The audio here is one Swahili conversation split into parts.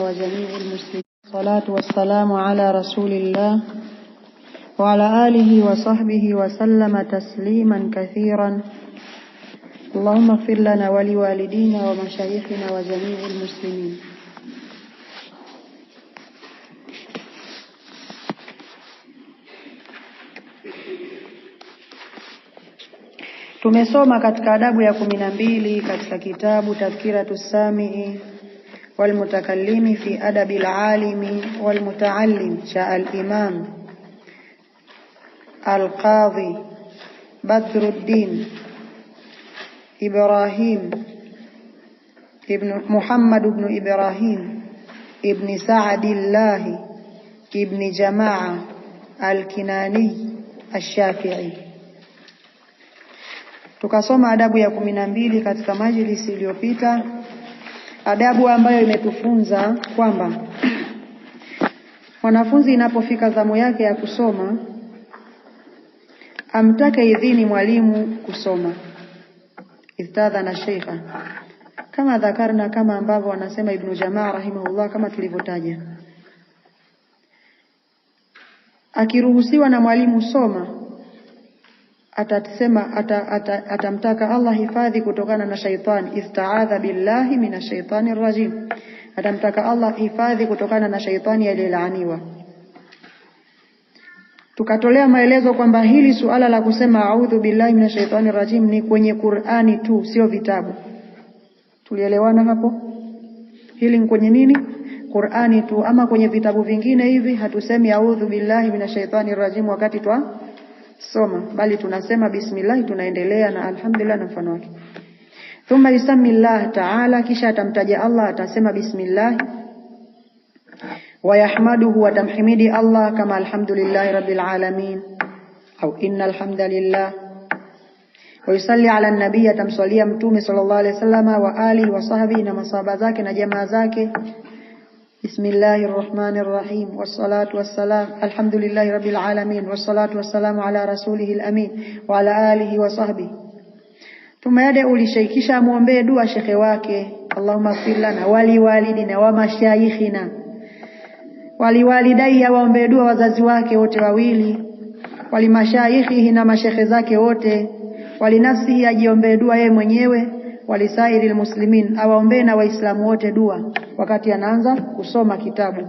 وجميع المسلمين الصلاة والسلام على رسول الله وعلى آله وصحبه وسلم تسليما كثيرا اللهم اغفر لنا ولوالدينا ومشايخنا وجميع المسلمين تمسوما katika adabu ya kumi na mbili katika kitabu Tadhkiratu Samii والمتكلم في أدب العالم والمتعلم شاء الإمام القاضي بدر الدين إبراهيم ابن محمد بن إبراهيم ابن سعد الله ابن جماعة الكناني الشافعي تكسوم أدب ya kumi na مجلس katika adabu ambayo imetufunza kwamba mwanafunzi inapofika zamu yake ya kusoma amtake idhini mwalimu kusoma istadha na sheikha kama dhakarna, kama ambavyo wanasema Ibnu Jamaa rahimahullah, kama tulivyotaja, akiruhusiwa na mwalimu soma atasema atamtaka ata, ata Allah hifadhi kutokana na shaitani, istaadha billahi minashaitani rajim, atamtaka Allah hifadhi kutokana na shaitani aliyelaaniwa. Tukatolea maelezo kwamba hili suala la kusema audhu billahi minashaitani rajim ni kwenye Qur'ani tu, sio vitabu. Tulielewana hapo? Hili ni kwenye nini? Qur'ani tu, ama kwenye vitabu vingine hivi hatusemi audhu billahi minashaitani rajim wakati twa soma bali tunasema bismillah tunaendelea na alhamdulillah na mfano wake thumma yusami llah taala kisha atamtaja allah atasema bismillahi wayahmaduhu atamhimidi allah kama alhamdulillahi rabbil alamin au inna alhamdalillah wayusalli ala nabii atamswalia mtume sallallahu alaihi wasallam wa alihi wa sahbihi na masahaba zake na jamaa zake بسم الله الرحمن الرحيم والصلاة والسلام الحمد لله رب العالمين والصلاة والسلام على رسوله الأمين وعلى آله وصحبه tumeada ulishaikisha amwombee dua shekhe wake allahuma fir lana waliwalidina wamashaikhina waliwalidai awaombee dua wazazi wake wote wawili walimashaikhihi na mashekhe zake wote walinafsihi ajiombee dua yeye mwenyewe walisairi muslimin, awaombee na Waislamu wote dua wakati anaanza kusoma kitabu.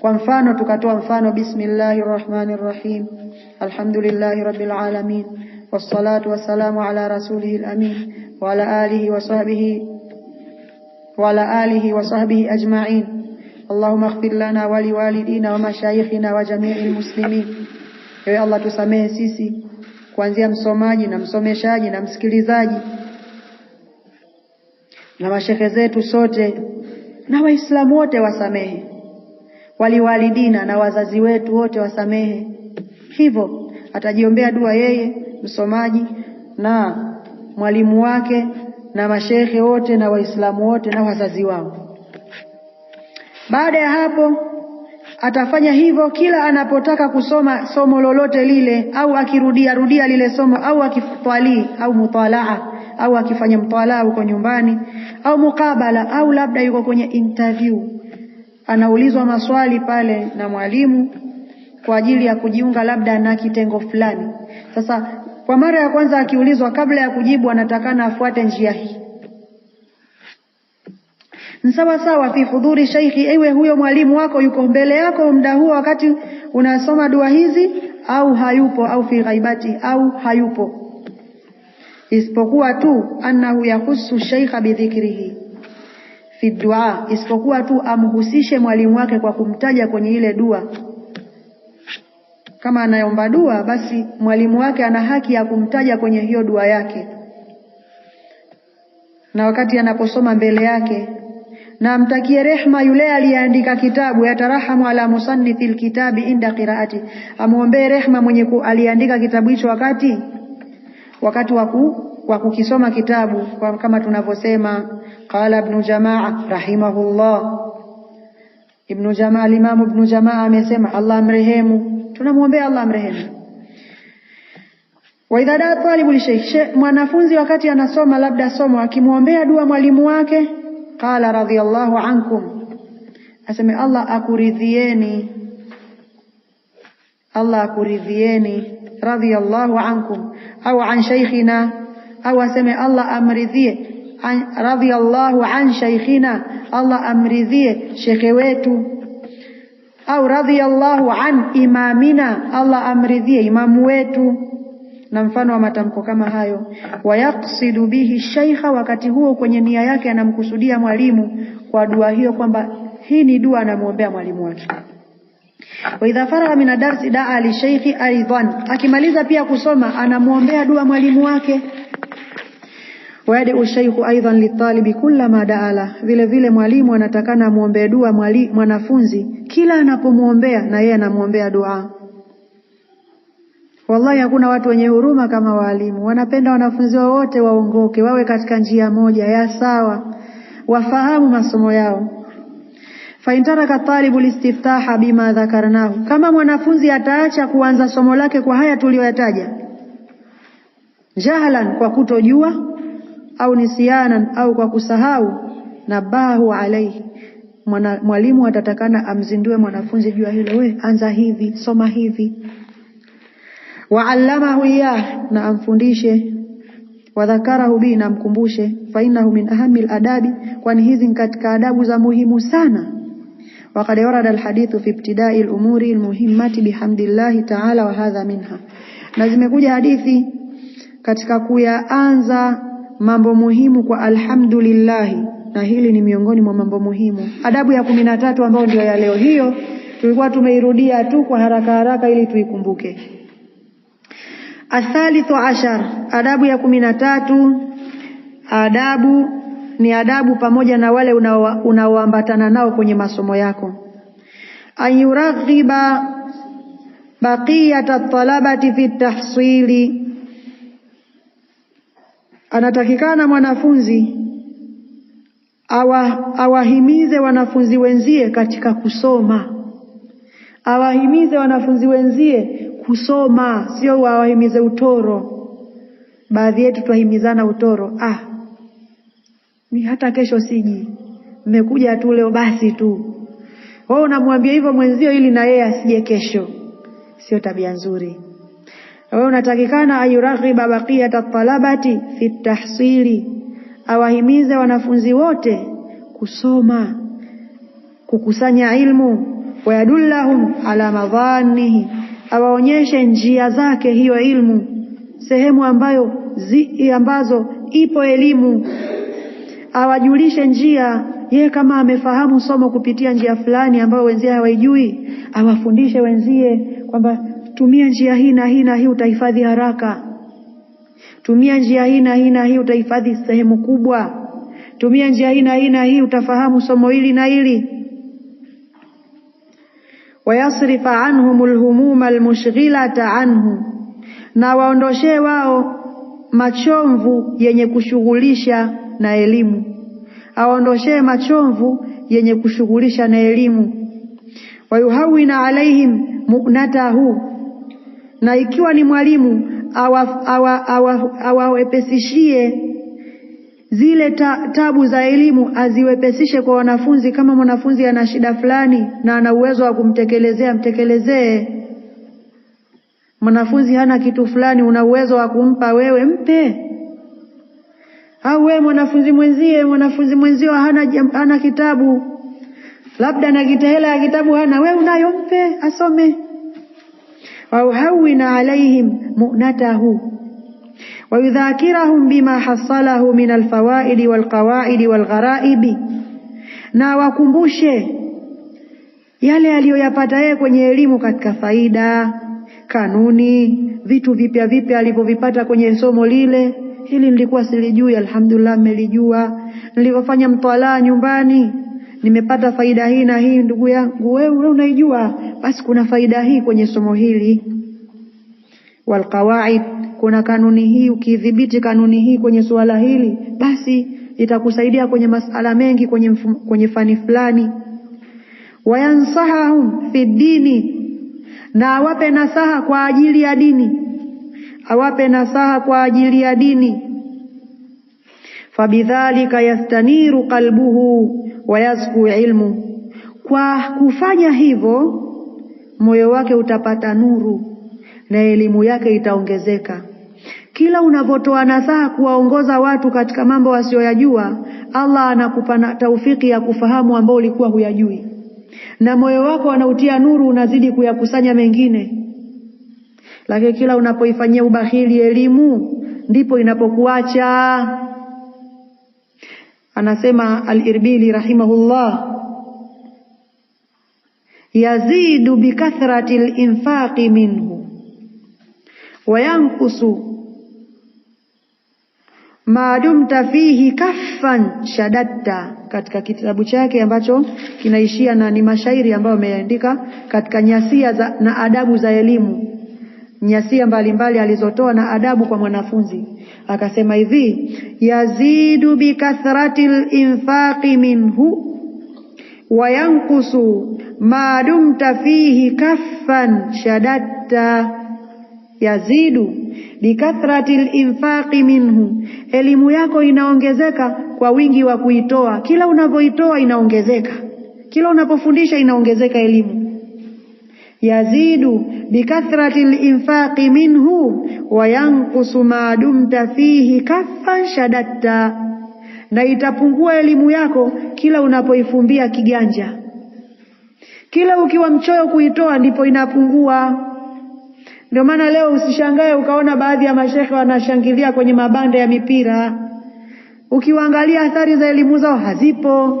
Kwa mfano tukatoa mfano bismillahir rahmanir rahim, alhamdulillahi rabbil alamin, wassalatu wassalamu ala rasulih lamin wa ala alihi wa sahbihi wa ala alihi wa sahbihi ajma'in Allahumma ighfir lana wa liwalidina wa mashayikhina wa jami'il muslimin. Ewe Allah, tusamehe sisi kuanzia msomaji na msomeshaji na msikilizaji na mashehe zetu sote na Waislamu wote wasamehe, waliwalidina na wazazi wetu wote wasamehe. Hivyo atajiombea dua yeye msomaji na mwalimu wake na mashehe wote na Waislamu wote na wazazi wao. Baada ya hapo atafanya hivyo kila anapotaka kusoma somo lolote lile, au akirudia rudia lile somo, au akitwalii au mutalaa, au akifanya mtalaa huko nyumbani, au mukabala au labda yuko kwenye interview, anaulizwa maswali pale na mwalimu kwa ajili ya kujiunga labda na kitengo fulani. Sasa kwa mara ya kwanza akiulizwa, kabla ya kujibu, anatakana afuate njia hii sawa fi hudhuri shaikhi, iwe huyo mwalimu wako yuko mbele yako muda huo wakati unasoma dua hizi, au hayupo, au fi ghaibati, au hayupo isipokuwa tu annahu yahusu sheikha bidhikrihi fi dua, isipokuwa tu amhusishe mwalimu wake kwa kumtaja kwenye ile dua. Kama anaomba dua, basi mwalimu wake ana haki ya kumtaja kwenye hiyo dua yake, na wakati anaposoma mbele yake na amtakie rehma yule aliyeandika kitabu, yatarahamu ala musannifil kitabi inda qiraati, amwombee rehma mwenye aliyeandika kitabu hicho wakati wakati wa kukisoma kitabu kama tunavyosema, qala ibn Jamaa rahimahullah, Ibn Jamaa Imam Ibn Jamaa amesema, Allah amrehemu, tunamwombea Allah amrehemu. Wa idha daa talibu li shaykh, mwanafunzi wakati anasoma labda somo akimwombea dua mwalimu wake, qala radhiyallahu ankum, aseme Allah akuridhieni, Allah akuridhieni radhiyallahu ankum au an shaykhina au aseme Allah amridhie radhiyallahu an shaykhina Allah amridhie shekhe wetu au radhiyallahu an imamina Allah amridhie imamu wetu na mfano wa matamko kama hayo. Wayaksidu bihi shaikha, wakati huo kwenye nia yake anamkusudia mwalimu kwa dua hiyo, kwamba hii ni dua anamwombea mwalimu wake wa idha faragha min darsi daa li shaykhi aidan, akimaliza pia kusoma anamuombea dua mwalimu wake. Wayadeu shaykhu aidan litalibi kullama daala, vile vile mwalimu anatakana amwombee dua mwanafunzi kila anapomwombea, na yeye anamuombea dua. Wallahi, hakuna watu wenye huruma kama waalimu. Wanapenda wanafunzi wao wote waongoke, wawe katika njia moja ya sawa, wafahamu masomo yao faintaraka talibu listiftaha bima dhakarnahu, kama mwanafunzi ataacha kuanza somo lake kwa haya tuliyoyataja, jahlan, kwa kutojua, au nisyanan, au kwa kusahau, nabahu alaihi mwana, mwalimu atatakana amzindue mwanafunzi jua hilo, we anza hivi, soma hivi, waallamahu iyah, na amfundishe wadhakarahu bi, na amkumbushe, fainahu min ahami ladabi, kwani hizi katika adabu za muhimu sana. وقد ورد alhadithu fi ibtidai lumuri lmuhimmati bihamdillahi taala wa hadha minha, na zimekuja hadithi katika kuyaanza mambo muhimu kwa alhamdulillahi, na hili ni miongoni mwa mambo muhimu. Adabu ya kumi na tatu ambayo ndio ya leo hiyo, tulikuwa tumeirudia tu kwa haraka haraka ili tuikumbuke. Athalithu ashar, adabu ya kumi na tatu, adabu ni adabu pamoja na wale unaoambatana nao kwenye masomo yako. Ayuraghiba baqiyata talabati fi tahsili, anatakikana mwanafunzi awa, awahimize wanafunzi wenzie katika kusoma, awahimize wanafunzi wenzie kusoma, sio wawahimize utoro. Baadhi yetu twahimizana utoro ah mi hata kesho siji, mmekuja tu leo basi tu. Wewe unamwambia hivyo mwenzio ili na yeye asije kesho, sio tabia nzuri. Wewe unatakikana ayuraghiba baqiyata talabati fi tahsili, awahimize wanafunzi wote kusoma, kukusanya ilmu, wayadullahum ala madhanihi, awaonyeshe njia zake hiyo ilmu, sehemu ambayo zi, ambazo ipo elimu awajulishe njia. Yeye kama amefahamu somo kupitia njia fulani ambayo wenzie hawaijui, awafundishe wenzie kwamba tumia njia hii na hii na hii utahifadhi haraka, tumia njia hii na hii na hii utahifadhi sehemu kubwa, tumia njia hii na hii na hii utafahamu somo hili na hili wayasrifa anhum lhumuma lmushghilata anhu, na waondoshee wao machomvu yenye kushughulisha na elimu, awaondoshee machovu yenye kushughulisha na elimu. Wayuhawina alaihim munatahu, na ikiwa ni mwalimu awawepesishie awa, awa, awa zile ta, tabu za elimu aziwepesishe kwa wanafunzi. Kama mwanafunzi ana shida fulani na ana uwezo wa kumtekelezea, mtekelezee. Mwanafunzi hana kitu fulani, una uwezo wa kumpa wewe, mpe au wewe mwanafunzi mwenzie, mwanafunzi mwenzio hana, hana kitabu labda na kitahela ya kitabu hana, wewe unayo, mpe asome. Wauhawina alaihim munatahu wayudhakirahum bima hasalahu min alfawaidi walqawaidi walgharaibi, na wakumbushe yale aliyoyapata yeye kwenye elimu katika faida, kanuni, vitu vipya vipya alivyovipata kwenye somo lile hili nilikuwa silijui, alhamdulillah nimelijua. Nilivyofanya mtwalaa nyumbani nimepata faida hii na hii. Ndugu yangu wewe unaijua, basi kuna faida hii kwenye somo hili. Walqawaid, kuna kanuni hii, ukidhibiti kanuni hii kwenye suala hili, basi itakusaidia kwenye masala mengi kwenye, kwenye fani fulani. Wayansahahum fi dini, na awape nasaha kwa ajili ya dini awape nasaha kwa ajili ya dini. Fabidhalika yastaniru qalbuhu yasku ilmu, kwa kufanya hivyo moyo wake utapata nuru na elimu yake itaongezeka. Kila unavotoa nasaha kuwaongoza watu katika mambo wasiyoyajua, Allah anakupa taufiki ya kufahamu ambao ulikuwa huyajui, na moyo wako anautia nuru, unazidi kuyakusanya mengine lakini kila unapoifanyia ubahili elimu ndipo inapokuacha. Anasema Al-Irbili rahimahullah, yazidu bikathrati linfaqi minhu wa yankusu maadumta fihi kaffan shadatta, katika kitabu chake ambacho kinaishia na ni mashairi ambayo ameandika katika nyasia za, na adabu za elimu nyasia mbalimbali alizotoa na adabu kwa mwanafunzi. Akasema hivi, yazidu bikathrati linfaqi minhu wa yankusu ma dumta fihi kaffan shadatta. Yazidu bikathrati linfaqi minhu, elimu yako inaongezeka kwa wingi wa kuitoa. Kila unavyoitoa inaongezeka, kila unapofundisha inaongezeka elimu yazidu bikathrati linfaqi minhu wayankusu madumta fihi kaffan shadatta, na itapungua elimu yako kila unapoifumbia kiganja. Kila ukiwa mchoyo kuitoa, ndipo inapungua. Ndio maana leo usishangae ukaona baadhi ya mashekhe wanashangilia kwenye mabanda ya mipira. Ukiwaangalia athari za elimu zao hazipo,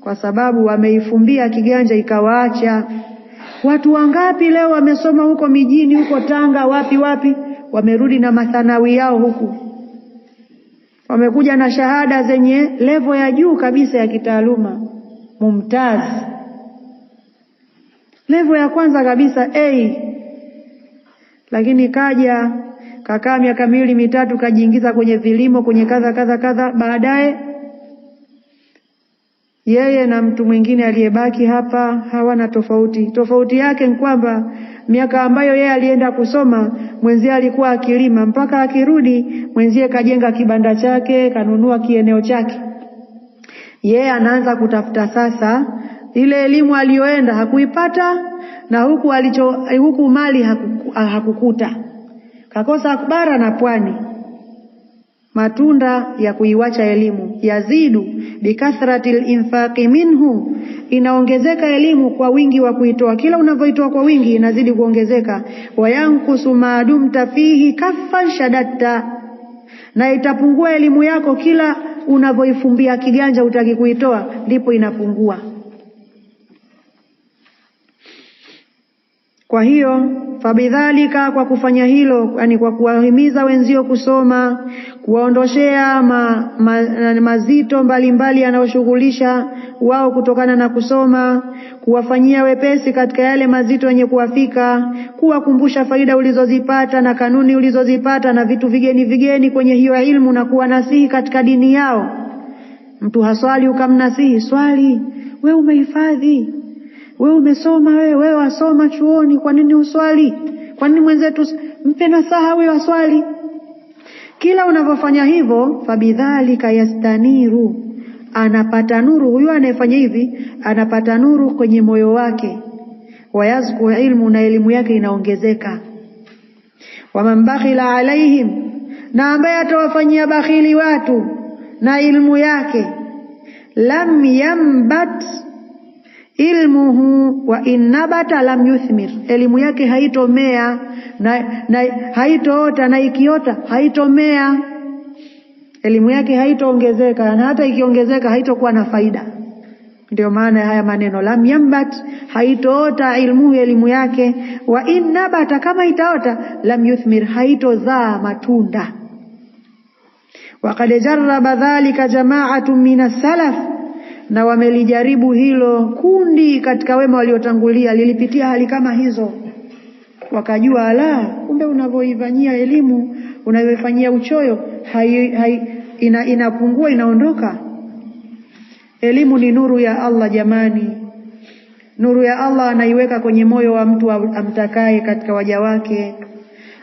kwa sababu wameifumbia kiganja ikawaacha. Watu wangapi leo wamesoma huko mijini, huko Tanga, wapi wapi, wamerudi na mathanawi yao huku, wamekuja na shahada zenye levo ya juu kabisa ya kitaaluma, mumtazi, levo ya kwanza kabisa A hey. Lakini kaja kakaa miaka miwili mitatu, kajiingiza kwenye vilimo, kwenye kadha kadha kadha, baadaye yeye na mtu mwingine aliyebaki hapa hawana tofauti. Tofauti yake ni kwamba miaka ambayo yeye alienda kusoma, mwenzie alikuwa akilima, mpaka akirudi mwenzie kajenga kibanda chake, kanunua kieneo chake. Yeye anaanza kutafuta sasa, ile elimu aliyoenda hakuipata, na huku alicho huku mali hakukuta, kakosa bara na pwani matunda ya kuiwacha elimu. Yazidu bikathrati linfaqi minhu, inaongezeka elimu kwa wingi wa kuitoa. Kila unavyoitoa kwa wingi inazidi kuongezeka. Wayankusu maadumta fihi kaffan shadatta, na itapungua elimu yako kila unavyoifumbia kiganja, utaki kuitoa ndipo inapungua. Kwa hiyo fabidhalika, kwa kufanya hilo, yani kwa kuwahimiza wenzio kusoma, kuwaondoshea ma, ma, mazito mbalimbali yanayoshughulisha wao kutokana na kusoma, kuwafanyia wepesi katika yale mazito yenye kuwafika, kuwakumbusha faida ulizozipata na kanuni ulizozipata na vitu vigeni vigeni kwenye hiyo ilmu, na kuwanasihi katika dini yao. Mtu haswali ukamnasihi swali, we umehifadhi we umesoma wewe, wewe wasoma chuoni, kwa nini uswali? Kwa nini mwenzetu? Mpe nasaha huyo aswali. Kila unavyofanya hivyo, fabidhalika yastaniru, anapata nuru huyo anayefanya hivi, anapata nuru kwenye moyo wake, wayazku ilmu, na elimu yake inaongezeka. Waman bakhila alaihim, na ambaye atawafanyia bakhili watu na ilmu yake, lam yambat ilmuhu wa innabata lam yuthmir, elimu yake haitomea na, na haitoota na ikiota haitomea, elimu yake haitoongezeka na hata ikiongezeka haitokuwa na faida. Ndio maana ya haya maneno lam yambat, haitoota ilmuhu, elimu yake. Wa innabata, kama itaota, lam yuthmir, haitozaa matunda. wakad jaraba dhalika jamaatu min salaf na wamelijaribu hilo kundi katika wema waliotangulia, lilipitia hali kama hizo, wakajua ala, kumbe unavyoifanyia elimu unavyoifanyia uchoyo hai, hai, ina, inapungua inaondoka. Elimu ni nuru ya Allah jamani, nuru ya Allah anaiweka kwenye moyo wa mtu amtakaye katika waja wake.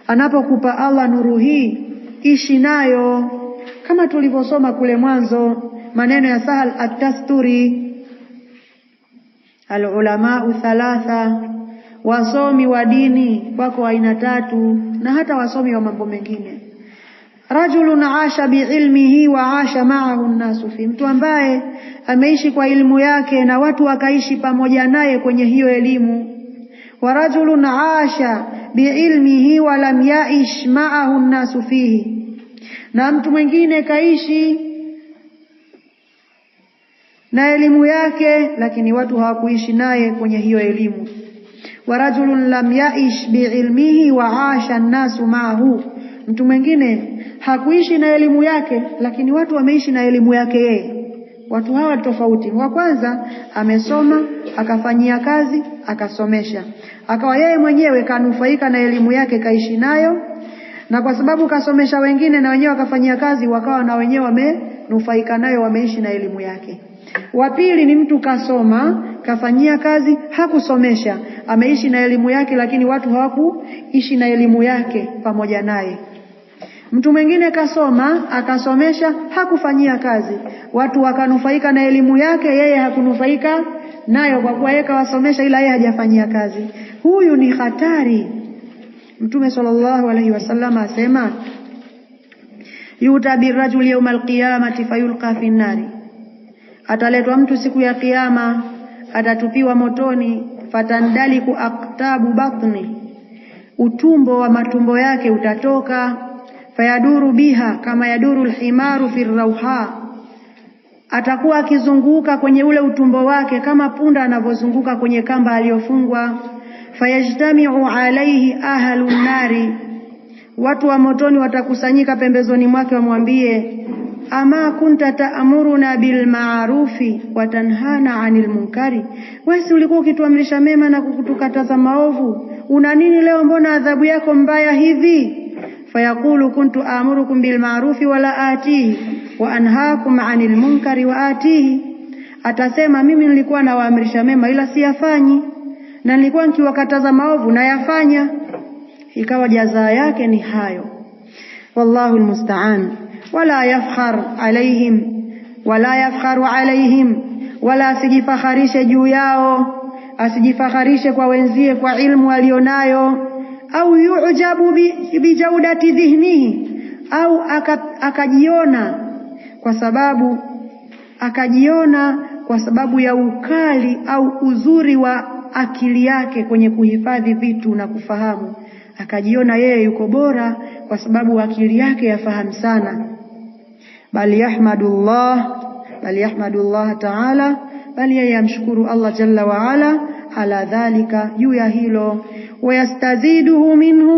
Anapokupa Allah nuru hii, ishi nayo, kama tulivyosoma kule mwanzo maneno ya Sahal At-Tasturi, alulamau thalatha, wasomi wa dini wako aina tatu, na hata wasomi wa mambo mengine. Rajulun asha biilmihi wa asha maahu nnasu fi, mtu ambaye ameishi kwa ilmu yake na watu wakaishi pamoja naye kwenye hiyo elimu. Wa rajulun asha biilmihi wa lam yaish maahu nnasu fihi, na mtu mwingine kaishi na elimu yake, lakini watu hawakuishi naye kwenye hiyo elimu. wa rajulun lam yaish biilmihi wa asha nnasu maahu, mtu mwingine hakuishi na elimu yake, lakini watu wameishi na elimu yake yeye. Watu hawa tofauti. Wa kwanza amesoma akafanyia kazi akasomesha, akawa yeye mwenyewe kanufaika na elimu yake, kaishi nayo, na kwa sababu kasomesha wengine na wenyewe wakafanyia kazi, wakawa na wenyewe wamenufaika nayo, wameishi na elimu yake. Wa pili ni mtu kasoma, kafanyia kazi, hakusomesha, ameishi na elimu yake, lakini watu hawakuishi na elimu yake pamoja naye. Mtu mwingine kasoma, akasomesha, hakufanyia kazi, watu wakanufaika na elimu yake, yeye hakunufaika nayo, kwa kuwa yeye kawasomesha, ila yeye hajafanyia kazi. Huyu ni hatari. Mtume sallallahu alaihi wasallam asema, yuta birajuli yauma alqiyamati fayulqa fi nnari Ataletwa mtu siku ya Kiyama, atatupiwa motoni, fatandaliku aktabu batni, utumbo wa matumbo yake utatoka. Fayaduru biha kama yaduru lhimaru fi rauha, atakuwa akizunguka kwenye ule utumbo wake kama punda anavyozunguka kwenye kamba aliyofungwa. Fayajtamiu alaihi ahlu nnari, watu wa motoni watakusanyika pembezoni mwake, wamwambie ama kunta taamuruna bilmaarufi watanhana anil munkari, wesi ulikuwa ukituamrisha mema na kutukataza maovu. Una nini leo? Mbona adhabu yako mbaya hivi? Fayaqulu kuntu amurukum bilmaarufi wala atihi wa anhaakum anil munkari wa atihi, atasema mimi nilikuwa nawaamrisha mema ila siyafanyi, na nilikuwa nikiwakataza maovu nayafanya. Ikawa jazaa yake ni hayo. Wallahu almusta'an wala yafkhar alaihim wala yafkharu alaihim, wala asijifakharishe juu yao, asijifaharishe kwa wenzie kwa ilmu aliyonayo. Au yujabu bijaudati dhihnihi, au akajiona kwa sababu akajiona kwa sababu ya ukali au uzuri wa akili yake kwenye kuhifadhi vitu na kufahamu, akajiona yeye yuko bora kwa sababu akili yake yafahamu sana bali yahmadullah bal yahmadullah ta'ala, bali yeye amshukuru Allah jalla wa ala ala dhalika, juu ya hilo. Wayastaziduhu minhu,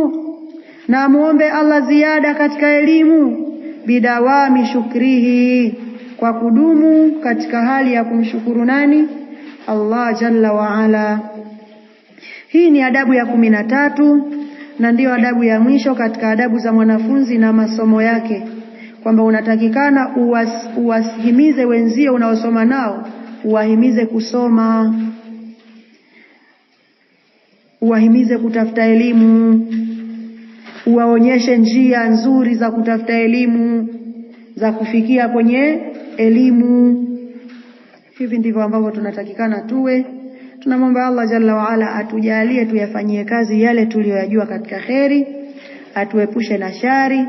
na muombe Allah ziada katika elimu, bidawami shukrihi, kwa kudumu katika hali ya kumshukuru nani? Allah jalla wa ala. Hii ni adabu ya kumi na tatu na ndiyo adabu ya mwisho katika adabu za mwanafunzi na masomo yake kwamba unatakikana uwas, wenzio unaosoma nao, uwahimize kusoma, uwahimize kutafuta elimu, uwaonyeshe njia nzuri za kutafuta elimu, za kufikia kwenye elimu. Hivi ndivyo ambavyo tunatakikana tuwe. Tunamwomba Allah jalla waala atujalie tuyafanyie kazi yale tuliyoyajua katika kheri, atuepushe na shari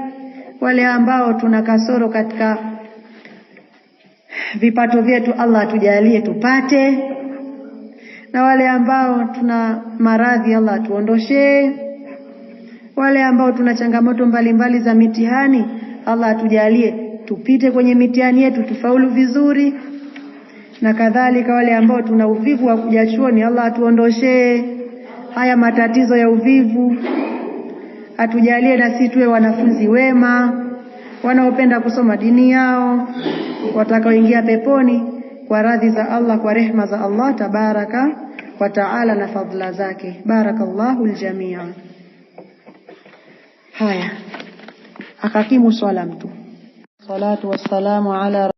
wale ambao tuna kasoro katika vipato vyetu, Allah atujalie tupate, na wale ambao tuna maradhi Allah atuondoshee, wale ambao tuna changamoto mbalimbali za mitihani Allah atujalie tupite kwenye mitihani yetu tufaulu vizuri, na kadhalika wale ambao tuna uvivu wa kuja chuoni Allah atuondoshee haya matatizo ya uvivu atujalie na sisi tuwe wanafunzi wema wanaopenda kusoma dini yao, watakaoingia peponi kwa radhi za Allah, kwa rehma za Allah tabaraka wa taala na fadhila zake. Barakallahu ljamia. Haya, akakimu swala mtu. Salatu wassalamu ala